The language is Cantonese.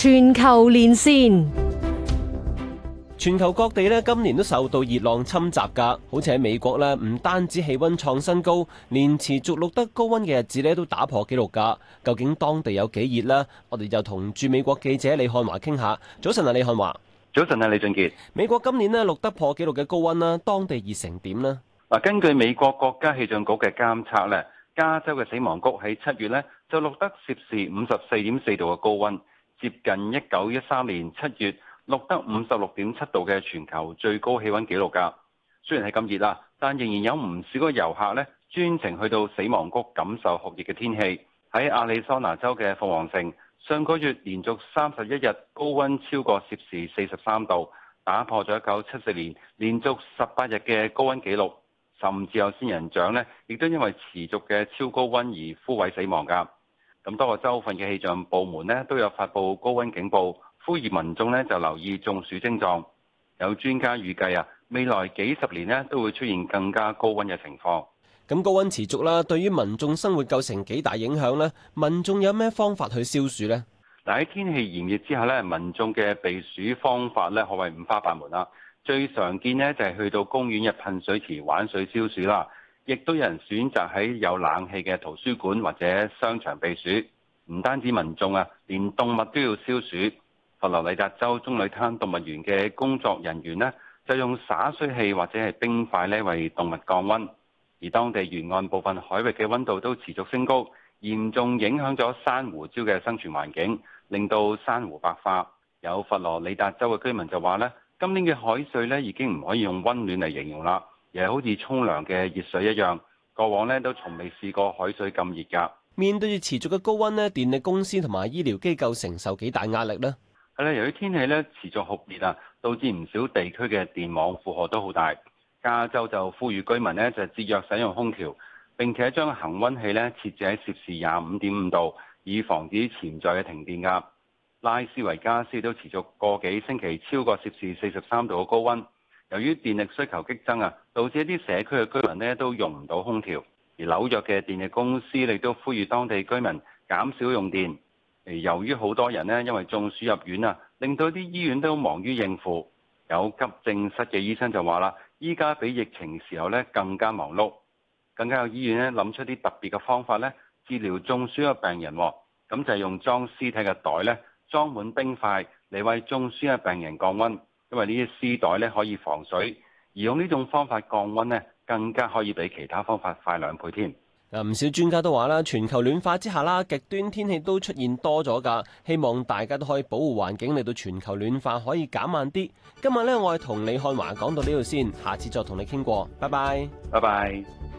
全球連線，全球各地咧今年都受到熱浪侵襲噶，好似喺美國咧，唔單止氣溫創新高，連持續錄得高温嘅日子咧都打破紀錄噶。究竟當地有幾熱呢？我哋就同駐美國記者李漢華傾下。早晨啊，李漢華。早晨啊，李俊傑。美國今年咧錄得破紀錄嘅高温啦，當地熱成點呢？嗱，根據美國國家氣象局嘅監測咧，加州嘅死亡谷喺七月咧就錄得攝氏五十四點四度嘅高温。接近一九一三年七月錄得五十六點七度嘅全球最高氣溫紀錄㗎。雖然係咁熱啦，但仍然有唔少遊客咧專程去到死亡谷感受酷熱嘅天氣。喺亞利桑那州嘅鳳凰城，上個月連續三十一日高溫超過攝氏四十三度，打破咗一九七四年連續十八日嘅高溫紀錄，甚至有仙人掌呢，亦都因為持續嘅超高溫而枯萎死亡㗎。咁多個州份嘅氣象部門咧都有發布高温警報，呼籲民眾咧就留意中暑症狀。有專家預計啊，未來幾十年咧都會出現更加高温嘅情況。咁高温持續啦，對於民眾生活構成幾大影響呢？民眾有咩方法去消暑呢？嗱，喺天氣炎熱之下咧，民眾嘅避暑方法咧可謂五花八門啦。最常見咧就係去到公園入噴水池玩水消暑啦。亦都有人選擇喺有冷氣嘅圖書館或者商場避暑，唔單止民眾啊，連動物都要消暑。佛羅里達州棕櫚灘動物園嘅工作人員呢，就用灑水器或者係冰塊呢為動物降温。而當地沿岸部分海域嘅温度都持續升高，嚴重影響咗珊瑚礁嘅生存環境，令到珊瑚白化。有佛羅里達州嘅居民就話呢今年嘅海水呢已經唔可以用温暖嚟形容啦。又係好似沖涼嘅熱水一樣，過往呢都從未試過海水咁熱㗎。面對住持續嘅高温呢，電力公司同埋醫療機構承受幾大壓力咧？係啦，由於天氣咧持續酷熱啊，導致唔少地區嘅電網負荷都好大。加州就呼籲居民呢就節約使用空調，並且將恒温器呢設置喺攝氏廿五點五度，以防止潛在嘅停電噶。拉斯維加斯都持續個幾星期超過攝氏四十三度嘅高温。由於電力需求激增啊，導致一啲社區嘅居民咧都用唔到空調。而紐約嘅電力公司亦都呼籲當地居民減少用電。而由於好多人咧因為中暑入院啊，令到啲醫院都忙於應付。有急症室嘅醫生就話啦，依家比疫情時候咧更加忙碌，更加有醫院咧諗出啲特別嘅方法咧治療中暑嘅病人。咁就係用裝屍體嘅袋咧裝滿冰塊嚟為中暑嘅病人降温。因為呢啲屍袋咧可以防水，而用呢種方法降溫咧，更加可以比其他方法快兩倍添。嗱，唔少專家都話啦，全球暖化之下啦，極端天氣都出現多咗㗎，希望大家都可以保護環境，令到全球暖化可以減慢啲。今日咧，我係同李漢華講到呢度先，下次再同你傾過，拜拜，拜拜。